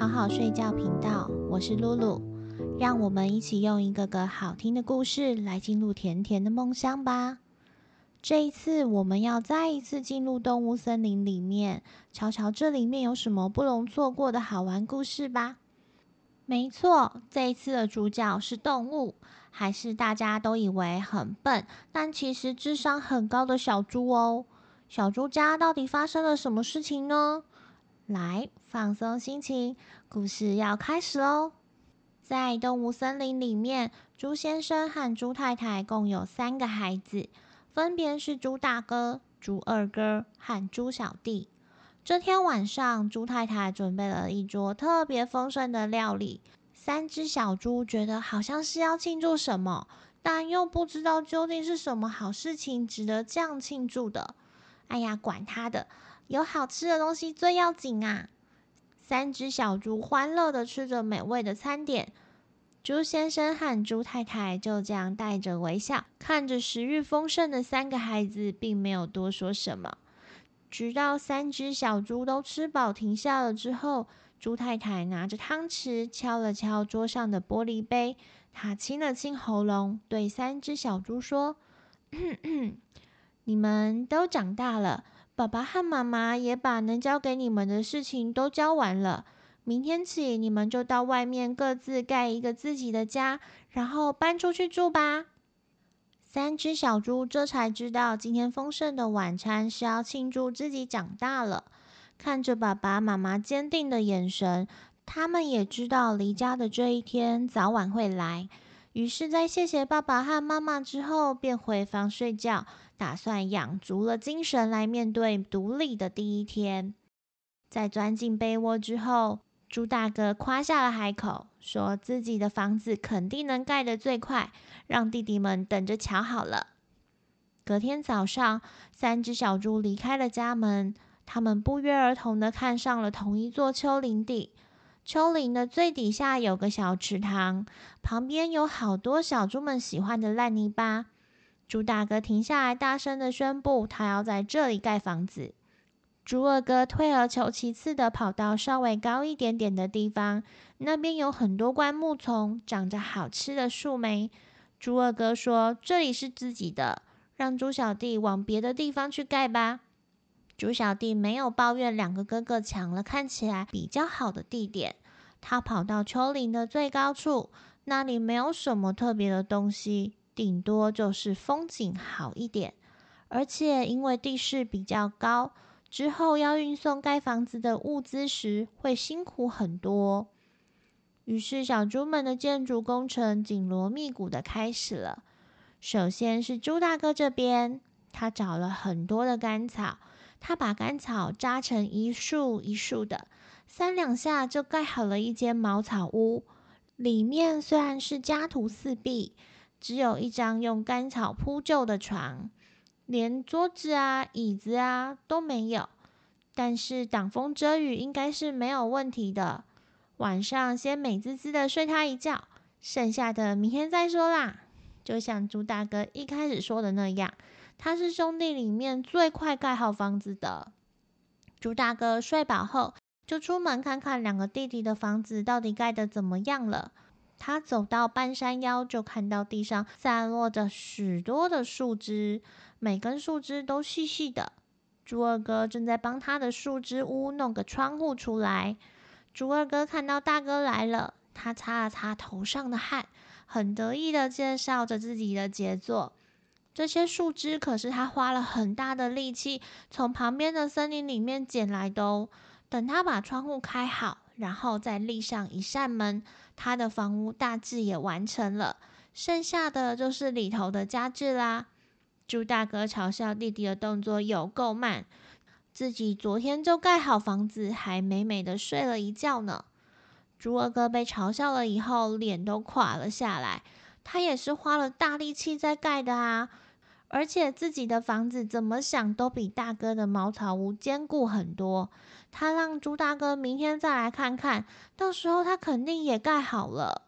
好好睡覺頻道，我是露露，讓我們一起用一個個好聽的故事來進入甜甜的夢鄉吧。這一次，我們要再一次進入動物森林裡面，瞧瞧這裡面有什麼不容錯過的好玩故事吧。沒錯，這一次的主角是動物，還是大家都以為很笨，但其實智商很高的小豬哦。小豬家到底發生了什麼事情呢？來放鬆心情，故事要開始嘍！在動物森林裡面，豬先生和豬太太共有三個孩子，分別是豬大哥、豬二哥和豬小弟。這天晚上，豬太太準備了一桌特別豐盛的料理。三隻小豬覺得好像是要慶祝什麼，但又不知道究竟是什麼好事情值得這樣慶祝的。哎呀，管他的！有好吃的東西最要緊啊！三只小豬歡樂的吃着美味的餐點，豬先生和豬太太就這樣帶着微笑看着食慾豐盛的三個孩子，並沒有多說什麼。直到三只小豬都吃飽停下了之後，豬太太拿着湯匙敲了敲桌上的玻璃杯，她清了清喉嚨，對三只小豬說，呵呵：“你們都長大了。”爸爸和媽媽也把能教給你們的事情都教完了。明天起，你們就到外面各自蓋一個自己的家，然後搬出去住吧。三隻小豬這才知道，今天豐盛的晚餐是要慶祝自己長大了。看着爸爸媽媽堅定的眼神，他們也知道離家的這一天早晚會來。於是，在謝謝爸爸和媽媽之後，便回房睡覺。打算養足了精神來面對獨立的第一天，在鑽進被窩之後，豬大哥誇下了海口，說自己的房子肯定能蓋得最快，讓弟弟們等着瞧好了。隔天早上，三只小豬離開了家門，他們不約而同的看上了同一座丘陵地，丘陵的最底下有個小池塘，旁邊有好多小豬們喜歡的爛泥巴。豬大哥停下來，大聲的宣布他要在這裡蓋房子。豬二哥退而求其次的跑到稍微高一點點的地方，那邊有很多灌木叢，長着好吃的樹莓。豬二哥說：“這裡是自己的，讓豬小弟往別的地方去蓋吧。”豬小弟沒有抱怨兩個哥哥搶了看起來比較好的地點。他跑到丘陵的最高處，那裡沒有什麼特別的東西。頂多就是風景好一點，而且因為地勢比較高，之後要運送蓋房子的物資時會辛苦很多。於是，小豬們的建築工程緊鑼密鼓的開始了。首先是豬大哥這邊，他找了很多的乾草，他把乾草扎成一束一束的，三兩下就蓋好了一間茅草屋。裡面雖然是家徒四壁。只有一張用乾草鋪就的床，連桌子啊、椅子啊都沒有。但是擋風遮雨應該是沒有問題的。晚上先美滋滋的睡他一覺，剩下的明天再說啦。就像豬大哥一開始說的那樣，他是兄弟裡面最快蓋好房子的。豬大哥睡飽後，就出門看看兩個弟弟的房子到底蓋的怎麼樣了。他走到半山腰，就看到地上散落着許多的樹枝，每根樹枝都細細的。豬二哥正在幫他的樹枝屋弄個窗戶出來。豬二哥看到大哥來了，他擦了擦頭上的汗，很得意的介紹着自己的傑作。這些樹枝可是他花了很大的力氣從旁邊的森林裡面撿來的哦。等他把窗戶開好，然後再立上一扇門。他的房屋大致也完成了，剩下的就是裡頭的家具啦。豬大哥嘲笑弟弟的動作有夠慢，自己昨天就蓋好房子，還美美的睡了一覺呢。豬二哥被嘲笑了以後，臉都垮了下來，他也是花了大力氣在蓋的啊。而且自己的房子怎麼想都比大哥的茅草屋堅固很多。他讓豬大哥明天再來看看，到時候他肯定也蓋好了。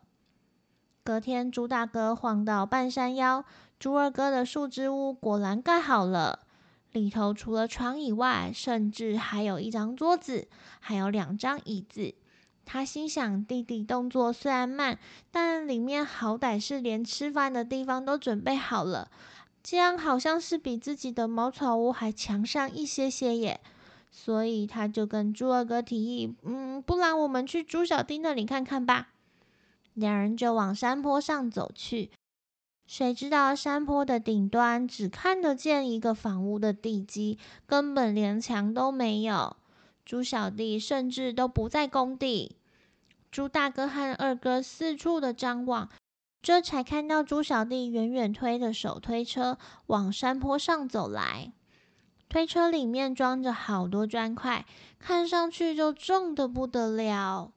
隔天，豬大哥晃到半山腰，豬二哥的樹枝屋果然蓋好了。裡頭除了床以外，甚至還有一張桌子，還有兩張椅子。他心想：弟弟動作雖然慢，但裡面好歹是連吃飯的地方都準備好了。這樣好像是比自己的茅草屋還強上一些些耶，所以他就跟豬二哥提議：“嗯，不然我們去豬小弟那裡看看吧。”兩人就往山坡上走去。誰知道山坡的頂端只看得見一個房屋的地基，根本連牆都沒有。豬小弟甚至都不在工地。豬大哥和二哥四處的張望。這才看到豬小弟遠遠推着手推車往山坡上走來，推車裡面裝着好多磚塊，看上去就重得不得了。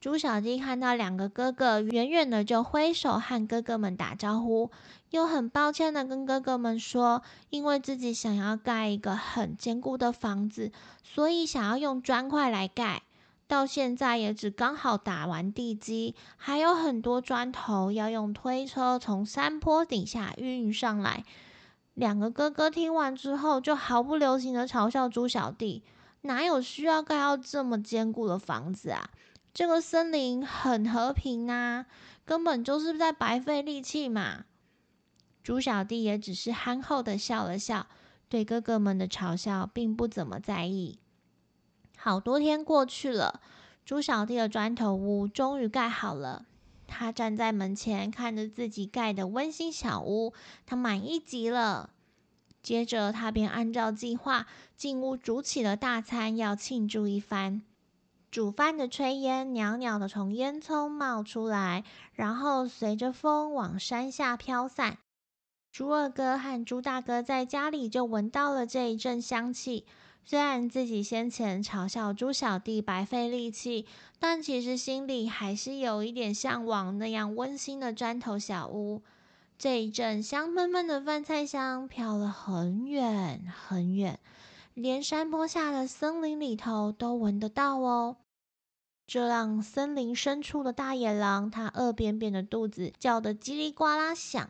豬小弟看到兩個哥哥，遠遠的就揮手和哥哥們打招呼，又很抱歉的跟哥哥們說，因為自己想要蓋一個很堅固的房子，所以想要用磚塊來蓋。到現在也只剛好打完地基，還有很多磚頭要用推車從山坡底下運上來。兩個哥哥聽完之後，就毫不留情的嘲笑豬小弟：“哪有需要蓋到這麼堅固的房子啊？這個森林很和平啊，根本就是在白費力氣嘛。”豬小弟也只是憨厚的笑了笑，對哥哥們的嘲笑並不怎麼在意。好多天過去了，豬小弟的磚頭屋終於蓋好了。他站在門前，看着自己蓋的溫馨小屋，他滿意極了。接着，他便按照計劃進屋煮起了大餐，要慶祝一番。煮飯的炊煙裊裊的從煙囪冒出來，然後隨着風往山下飄散。豬二哥和豬大哥在家裡就聞到了這一陣香氣。雖然自己先前嘲笑豬小弟白費力氣，但其實心裡還是有一點向往那樣溫馨的磚頭小屋。這一陣香噴噴的飯菜香飄了很遠很遠，連山坡下的森林裡頭都聞得到哦。這讓森林深處的大野狼，它餓扁扁的肚子叫得嘰里呱啦響。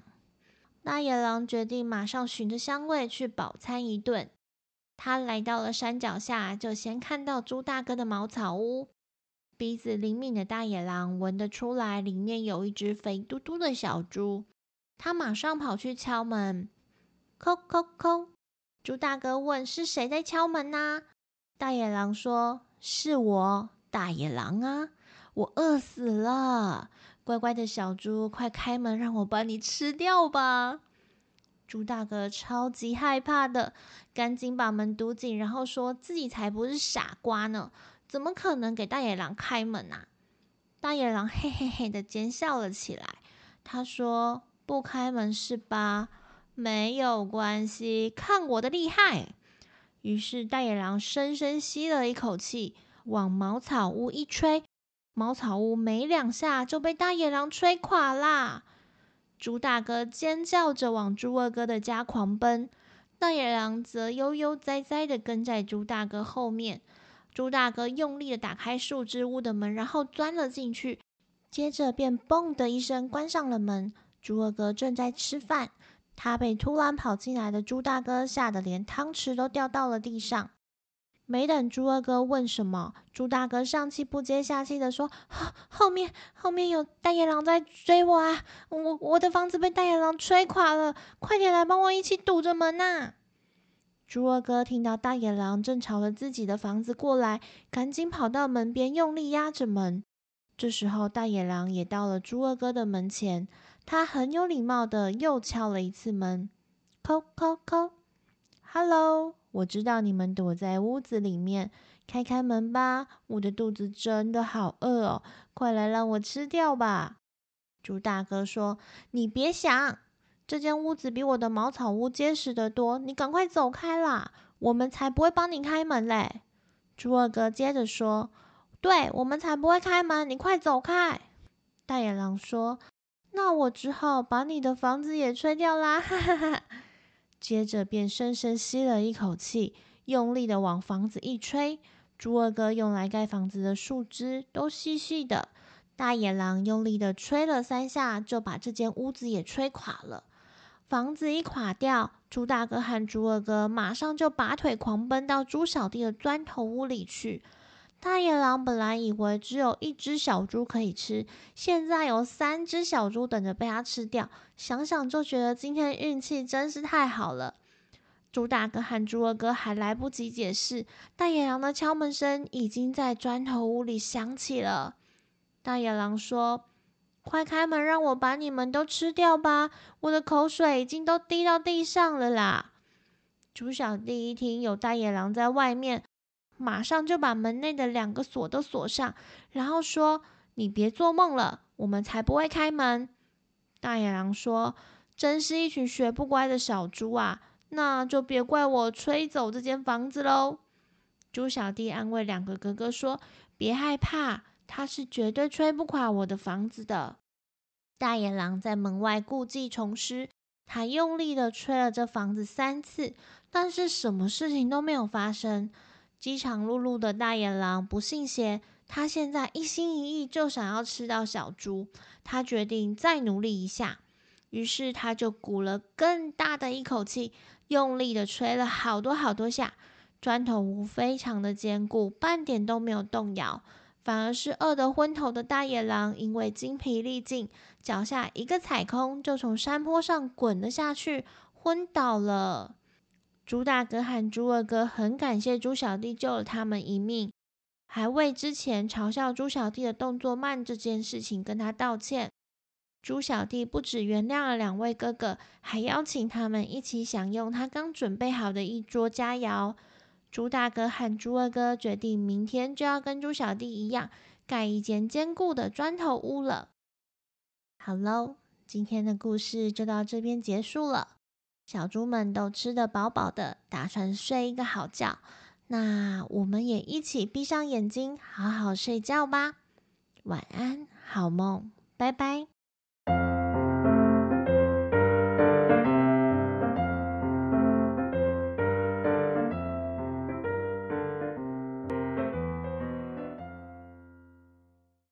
大野狼決定馬上循着香味去飽餐一頓。他來到了山腳下，就先看到豬大哥的茅草屋。鼻子靈敏的大野狼聞得出來，裡面有一隻肥嘟嘟的小豬。他馬上跑去敲門，叩叩叩。豬大哥問：“是誰在敲門啊？”大野狼說：“是我，大野狼啊，我餓死了，乖乖的小豬，快開門，讓我把你吃掉吧。”豬大哥超級害怕的，趕緊把門堵緊，然後說自己才不是傻瓜呢，怎麼可能給大野狼開門啊？大野狼嘿嘿嘿的奸笑了起來。他說：“不開門是吧？沒有關係，看我的厲害！”於是大野狼深深吸了一口氣，往茅草屋一吹，茅草屋沒兩下就被大野狼吹垮啦。豬大哥尖叫着往豬二哥的家狂奔，大野狼則悠悠哉哉的跟在豬大哥後面。豬大哥用力的打開樹枝屋的門，然後鑽了進去，接着便“嘣”的一聲關上了門。豬二哥正在吃飯，他被突然跑進來的豬大哥嚇得連湯匙都掉到了地上。沒等豬二哥問什麼，豬大哥上氣不接下氣的說：“後後面後面有大野狼在追我啊！我我的房子被大野狼吹垮了，快點來幫我一起堵着門啊！”豬二哥聽到大野狼正朝着自己的房子過來，趕緊跑到門邊，用力壓着門。這時候，大野狼也到了豬二哥的門前，他很有禮貌的又敲了一次門，叩叩叩，Hello。我知道你們躲在屋子裡面，開開門吧！我的肚子真的好餓哦，快來讓我吃掉吧！豬大哥說：“你別想，這間屋子比我的茅草屋結實得多，你趕快走開啦！我們才不會幫你開門嘞！”豬二哥接着說：“對，我們才不會開門，你快走開！”大野狼說：“那我只好把你的房子也吹掉啦！”哈哈哈哈哈。接着便深深吸了一口氣，用力的往房子一吹。豬二哥用來蓋房子的樹枝都細細的，大野狼用力的吹了三下，就把這間屋子也吹垮了。房子一垮掉，豬大哥和豬二哥馬上就拔腿狂奔到豬小弟的磚頭屋裡去。大野狼本來以為只有一隻小豬可以吃，現在有三隻小豬等着被它吃掉，想想就覺得今天的運氣真是太好了。豬大哥和豬二哥，還來不及解釋，大野狼的敲門聲已經在磚頭屋裡響起了。大野狼說：“快開門，讓我把你們都吃掉吧！我的口水已經都滴到地上了啦。”豬小弟一聽有大野狼在外面。馬上就把門內的兩個鎖都鎖上，然後說：“你別做夢了，我們才不會開門。”大野狼說：“真是一群學不乖的小豬啊！那就別怪我吹走這間房子嘍。”豬小弟安慰兩個哥哥說：“別害怕，他是絕對吹不垮我的房子的。”大野狼在門外故技重施，他用力的吹了這房子三次，但是什麼事情都沒有發生。飢腸轆轆的大野狼不信邪，他現在一心一意就想要吃到小豬。他決定再努力一下，於是他就鼓了更大的一口氣，用力的吹了好多好多下。磚頭屋非常的堅固，半點都沒有動搖，反而是餓得昏頭的大野狼，因為精疲力盡，腳下一個踩空，就從山坡上滾了下去，昏倒了。朱大哥和豬二哥，很感謝豬小弟救了他們一命，還為之前嘲笑豬小弟的動作慢這件事情跟他道歉。豬小弟不只原諒了兩位哥哥，還邀請他們一起享用他剛準備好的一桌佳餚。豬大哥和豬二哥決定明天就要跟豬小弟一樣蓋一間堅固的磚頭屋了。好嘍，今天的故事就到這邊結束了。小豬們都吃得飽飽的，打算睡一個好覺。那我們也一起閉上眼睛，好好睡覺吧。晚安，好夢，拜拜。